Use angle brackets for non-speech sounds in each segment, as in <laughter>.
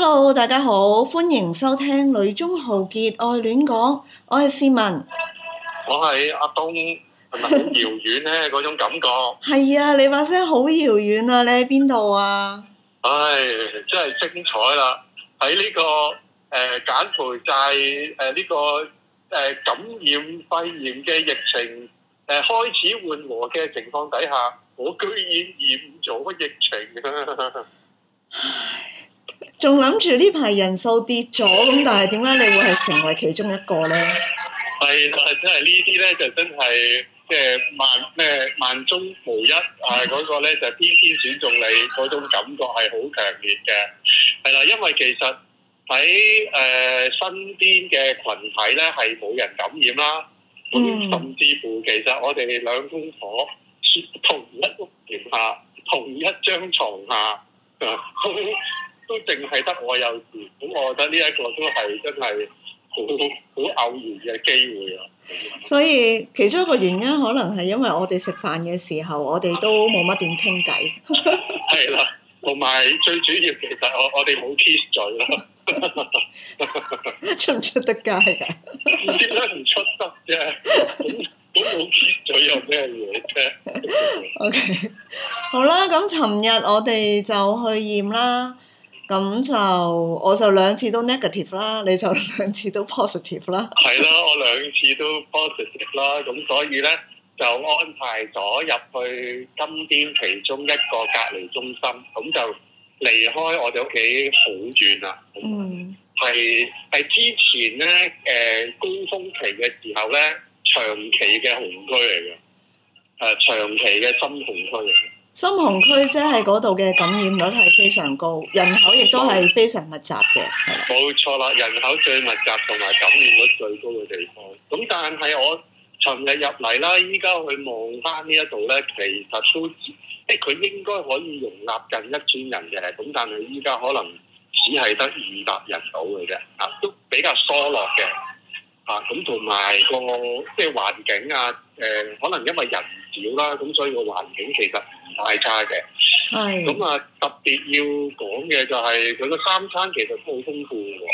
hello，大家好，歡迎收聽《女中豪傑愛戀講》，我係思文，我係阿東，係咪好遙遠咧嗰種感覺。係 <laughs> 啊，你話聲好遙遠啊，你喺邊度啊？唉、哎，真係精彩啦！喺呢、這個誒柬埔寨誒呢個誒、呃、感染肺炎嘅疫情誒、呃、開始緩和嘅情況底下，我居然染咗疫情 <laughs> 仲諗住呢排人數跌咗，咁但係點解你會係成為其中一個呢？係啦，即係呢啲呢，就真係即係萬咩萬中無一，係嗰 <laughs> 個呢就偏偏選中你，嗰種感覺係好強烈嘅。係啦，因為其實喺誒、呃、身邊嘅群體呢，係冇人感染啦，甚至乎其實我哋兩公婆同一屋檐下、同一張床下 <laughs> <laughs> 都淨係得我有事，咁我覺得呢一個都係真係好好偶然嘅機會啊。嗯、所以其中一個原因可能係因為我哋食飯嘅時候，我哋都冇乜點傾偈。係啦， <laughs> 同埋最主要其實我我哋冇 kiss 嘴咯。 <laughs> <laughs> 出唔出得街㗎？點解唔出得啫？ <laughs> <laughs> 都冇 kiss 嘴有咩嘢啫？O K， <laughs> 、okay. 好啦，咁尋日我哋就去驗啦。咁就我就兩次都 negative 啦，你就兩次都 positive 啦。係 <laughs> 啦，我兩次都 positive 啦，咁所以咧就安排咗入去金邊其中一個隔離中心，咁就離開我哋屋企好遠啦。嗯，係係之前咧誒、呃、高峰期嘅時候咧，長期嘅紅區嚟嘅，誒、呃、長期嘅深紅區嚟嘅。深紅區即係嗰度嘅感染率係非常高，人口亦都係非常密集嘅。冇錯啦，人口最密集同埋感染率最高嘅地方。咁但係我尋日入嚟啦，依家去望翻呢一度咧，其實都即佢、欸、應該可以容納近一千人嘅，咁但係依家可能只係得二百人到嘅啫。啊，都比較疏落嘅。啊，咁同埋個即係、就是、環境啊，誒、呃，可能因為人。啦，咁是、嗯、所以個環境其實唔太差嘅。係是。咁啊、嗯，特別要講嘅就係佢個三餐其實都好豐富喎、哦。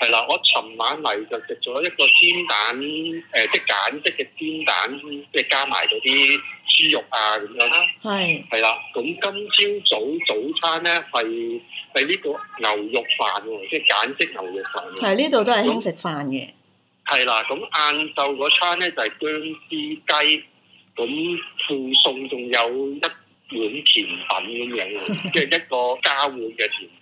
係啦，我尋晚嚟就食咗一個煎蛋，誒、呃、即簡式嘅煎蛋，即係加埋嗰啲豬肉啊咁是啦。係、嗯。係啦，咁今朝早早，早餐咧係係呢個牛肉飯喎，即係簡式牛肉飯。係呢度都係興食飯嘅。係、嗯、啦，咁晏晝嗰餐咧就係、是、薑絲雞。雞雞咁附送仲有一碗甜品咁樣，即係一個加碗嘅甜品，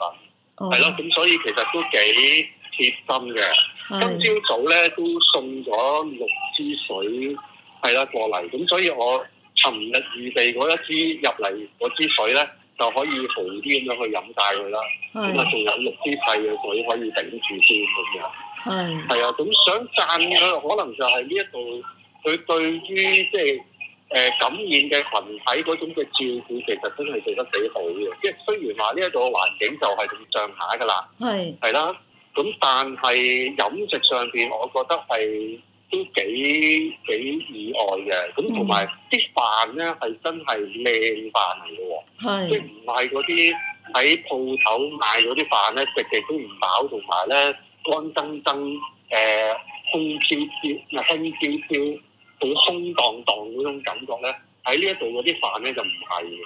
係咯。咁所以其實都幾貼心嘅。今朝早咧都送咗六支水，係啦，過嚟。咁所以我尋日預備嗰一支入嚟嗰支水咧，就可以好啲咁樣去飲曬佢啦。咁啊，仲有六支細嘅水可以頂住先咁樣。係。係啊，咁想讚佢，可能就係呢一度，佢對於即係。誒感染嘅群體嗰種嘅照顧，其實真係做得幾好嘅。即係雖然話呢一度嘅環境就係咁上下㗎啦，係係啦。咁但係飲食上邊，我覺得係都幾幾意外嘅。咁同埋啲飯咧係真係靚飯嚟嘅喎，即唔係嗰啲喺鋪頭買嗰啲飯咧，食極都唔飽，同埋咧乾登登，誒空飄飄，輕飄飄。呃好空蕩蕩嗰種感覺咧，喺呢一度嗰啲飯咧就唔係嘅。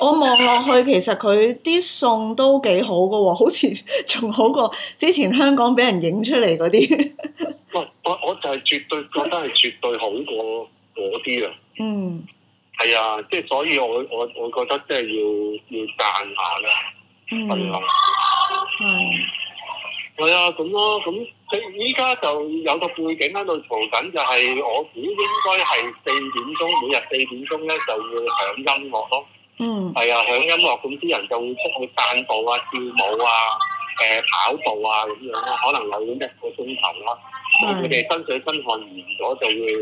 我望落去，其實佢啲餸都幾好嘅喎，好似仲好過之前香港俾人影出嚟嗰啲。唔， <laughs> 我我就係絕對覺得係絕對好過嗰啲嘅。嗯。係啊，即係所以我，我我我覺得即係要要讚下咧。嗯。係的。係啊，咁咯、嗯，咁佢依家就有個背景喺度嘈緊，就係我估應該係四點鐘，每日四點鐘咧就會響音樂咯。嗯。係啊，響音樂咁啲人就會出去散步啊、跳舞啊、誒跑步啊咁樣咯，可能留一個鐘頭咯。當佢哋身水身汗完咗，就會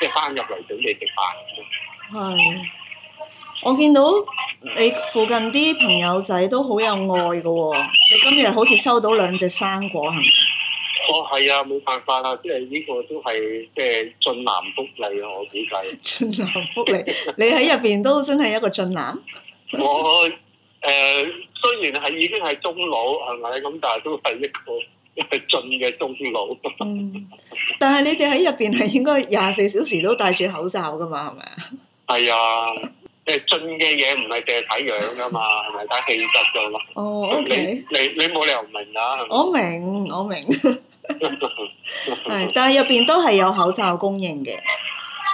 即係翻入嚟準備食飯，咁係我見到。你附近啲朋友仔都好有愛嘅喎。哦，你今日好似收到兩隻生果，係咪？哦，係啊，冇辦法啦，即係呢個都係即係俊男福利啊。我估計。俊男福利，你喺入邊都真係一個俊男？ <laughs> 我誒、呃、雖然係已經係中老係咪咁，但係都係一個俊嘅中老。是是是是中老 <laughs> 嗯，但係你哋喺入邊係應該廿四小時都戴住口罩㗎嘛？係咪？係啊。即係進嘅嘢唔係淨係睇樣噶嘛？係咪睇氣質就咯？哦，ok，你你你冇理由唔明啦，啊，係咪？我明，我明。係，但係入邊都係有口罩供應嘅。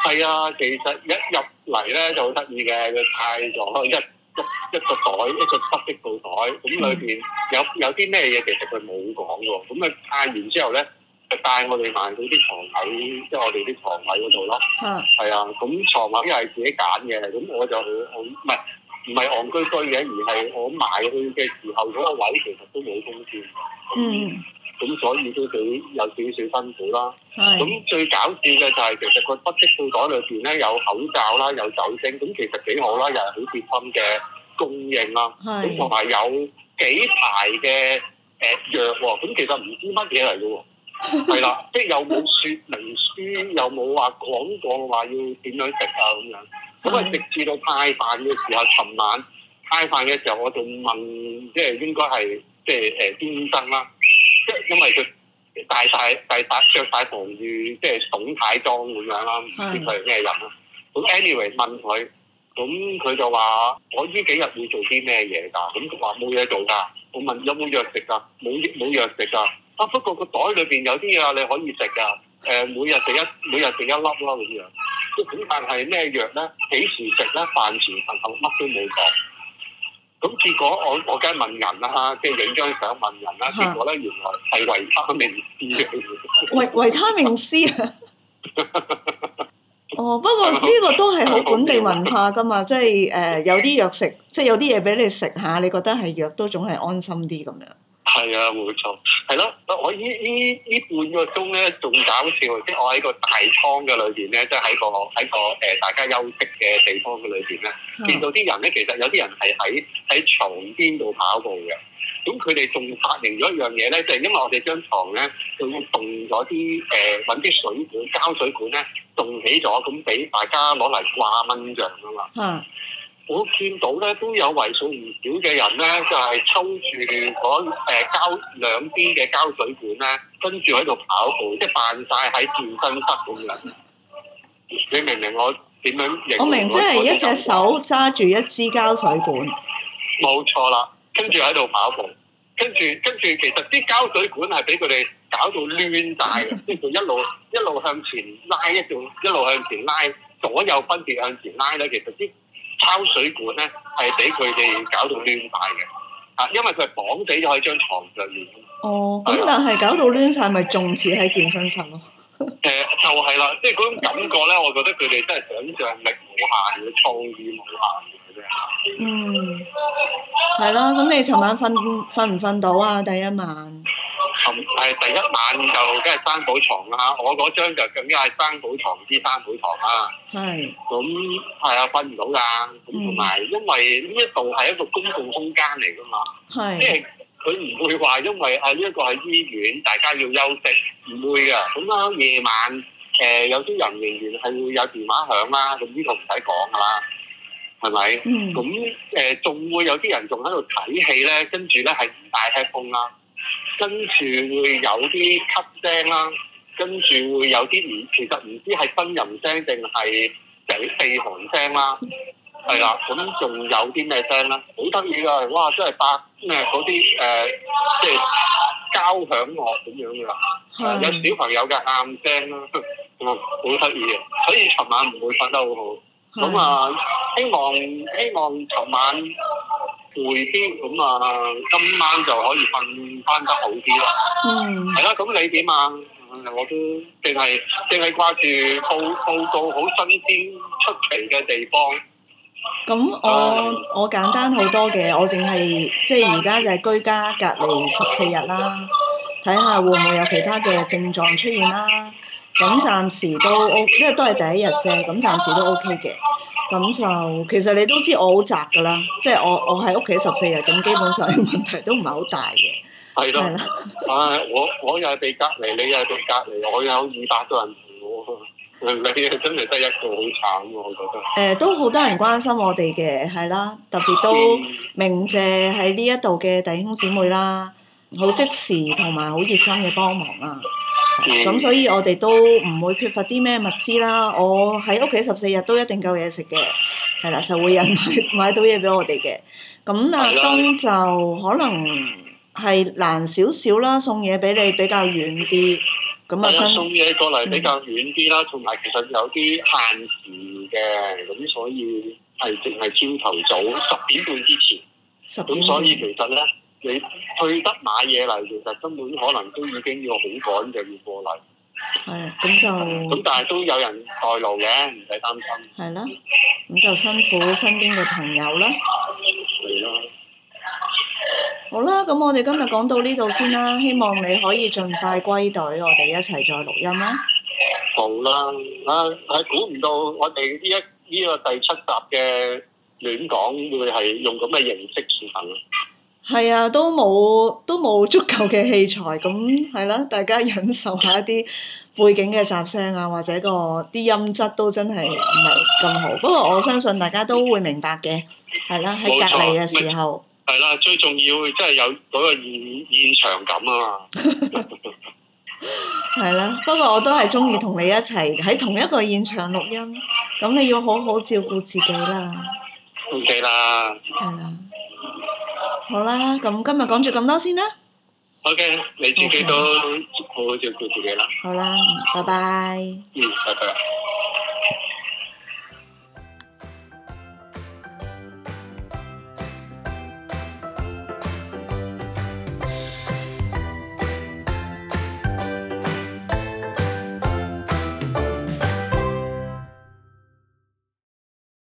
係啊，其實一入嚟咧就好得意嘅，佢派咗一一一個袋，一個黑色布袋，咁裏邊有有啲咩嘢，其實佢冇講嘅，咁啊派完之後咧。Mm hmm. 帶我哋買到啲床位，即、就、係、是、我哋啲床位嗰度咯。係啊，咁、啊、床位又係自己揀嘅，咁我就好，唔係唔係戇居居嘅，而係我買去嘅時候嗰、那個位其實都冇空調。嗯，咁所以都幾有少少辛苦啦。咁是最搞笑嘅就係、是，其實個不織布袋裏邊咧有口罩啦，有酒精，咁其實幾好啦，又係好貼心嘅供應啦、啊。咁同埋有幾排嘅誒、呃、藥喎、喔，咁其實唔知乜嘢嚟嘅喎。係啦， <laughs> 即係又冇説明書，有冇話講過話要點樣食啊咁樣。咁啊直至到派飯嘅時候，尋晚派飯嘅時候，我仲問，即係應該係即係誒邊生啦，即係、呃啊、因為佢帶曬帶曬著曬防具，即係董太裝咁樣啦，唔知佢係咩人啦、啊。咁 <laughs> anyway 問佢，咁佢就話：我呢幾日要做啲咩嘢㗎？咁佢話冇嘢做㗎。我問有冇藥食㗎、啊？冇冇藥食㗎、啊？啊！不過個袋裏邊有啲嘢你可以食㗎，誒、呃、每日食一每日食一粒咯咁樣。即係但係咩藥咧？幾時食咧？飯前飯後乜都冇講。咁結果我我梗係問人啦、啊，即係影張相問人啦、啊，結果咧原來係維他命，維維他命 C 啊！哦，不過呢個都係好本地文化㗎嘛，即係誒有啲藥食，即、就、係、是、有啲嘢俾你食下，你覺得係藥都總係安心啲咁樣。係啊，冇錯。係咯、啊，我呢呢呢半個鐘咧，仲搞笑，即係我喺個大倉嘅裏邊咧，即係喺個喺個誒大家休息嘅地方嘅裏邊咧，見到啲人咧，其實有啲人係喺喺牀邊度跑步嘅。咁佢哋仲發明咗一樣嘢咧，就係、因為我哋張床咧，仲棟咗啲誒揾啲水管、膠水管咧，棟起咗，咁俾大家攞嚟掛蚊帳啊嘛。嗯。我見到咧，都有為數唔少嘅人咧，就係抽住嗰誒膠兩邊嘅膠水管咧，跟住喺度跑步，即係扮晒喺健身室咁樣。你明唔明我點樣？我明，即係一隻手揸住一支膠水管，冇、嗯、錯啦。跟住喺度跑步，跟住跟住，其實啲膠水管係俾佢哋搞到亂晒。跟住 <laughs> 一路一路向前拉，一路一路向前拉，左右分別向前拉咧，其實啲溝水管咧係俾佢哋搞到亂晒嘅，啊，因為佢係綁死咗喺張床上面。哦，咁但係搞到亂晒咪仲似喺健身室咯？誒、 <laughs> 哦，就係啦，即係嗰種感覺咧，我覺得佢哋真係想象力無限嘅，創意無限嘅啫。嗯，係啦，咁你尋晚瞓瞓唔瞓到啊？第一晚。係第一晚就梗係三鋪床啦，我嗰張就更加係三鋪床，之寶床，之三鋪床啦。係，咁係啊，瞓唔到噶。咁同埋因為呢一度係一個公共空間嚟噶嘛，是即係佢唔會話因為啊呢一、呢個係醫院，大家要休息，唔會噶。咁啊夜晚誒、呃、有啲人仍然係會有電話響啦、啊，咁呢個唔使講噶啦，係咪？咁誒仲會有啲人仲喺度睇戲咧，跟住咧係唔戴 headphone 啦。跟住會有啲咳聲啦，跟住會有啲唔，其實唔知係呻吟聲定係整鼻鼾聲啦，係啦，咁仲的有啲咩聲啦？好得意㗎，哇！真係百咩嗰啲誒，即係交響樂咁樣㗎啦，的有小朋友嘅喊聲啦，嗯，好得意嘅，所以尋晚唔會瞓得好好，咁的啊，希望希望尋晚。攰啲咁啊，今晚就可以瞓翻得好啲咯。嗯。係啦，咁你點啊？我都淨係淨係掛住報報道好新鮮出奇嘅地方。咁我我簡單好多嘅，我淨係即係而家就係、是、居家隔離十四日啦，睇下會唔會有其他嘅症狀出現啦。咁暫時都 O，因為都係第一日啫，咁暫時都 OK 嘅。咁就其實你都知我好宅噶啦，即係我我喺屋企十四日咁，基本上問題都唔係好大嘅。係啦，唉，我我又係被隔離，你又係被隔離，我有二百個人陪我，你真係得一個好慘，我覺得。誒、呃，都好多人關心我哋嘅，係啦，特別都鳴謝喺呢一度嘅弟兄姊妹啦，好即時同埋好熱心嘅幫忙啊！咁、嗯、所以我哋都唔會缺乏啲咩物資啦。我喺屋企十四日都一定夠嘢食嘅，係啦，就會有人買買到嘢俾我哋嘅。咁亞東就可能係難少少啦，送嘢俾你比較遠啲。咁啊新，送嘢過嚟比較遠啲啦，同埋、嗯、其實有啲限時嘅，咁所以係淨係朝頭早十點半之前。十點，咁所以其實咧。你去得買嘢嚟，其實根本可能都已經要好趕，就要過嚟。係啊，咁就咁，但係都有人代勞嘅，唔使擔心。係啦，咁就辛苦身邊嘅朋友啦。係啦。好啦，咁我哋今日講到呢度先啦，希望你可以盡快歸隊，我哋一齊再錄音啦。好啦，啊，估唔到我哋呢一呢、呢個第七集嘅亂講會係用咁嘅形式進行。係啊，都冇都冇足夠嘅器材，咁係啦，大家忍受下一啲背景嘅雜聲啊，或者、個啲音質都真係唔係咁好。不過我相信大家都會明白嘅，係啦、啊，喺隔離嘅時候。係啦，最重要即係有嗰個現現場感啊嘛。係 <laughs> 啦、 <laughs> <laughs> 啊，不過我都係中意同你一齊喺同一個現場錄音，咁你要好好照顧自己啦。O K 啦。係啦、啊。好啦，咁今日講住咁多先啦。好嘅，你自己都好好照顧自己啦。好啦，拜拜。嗯，拜拜。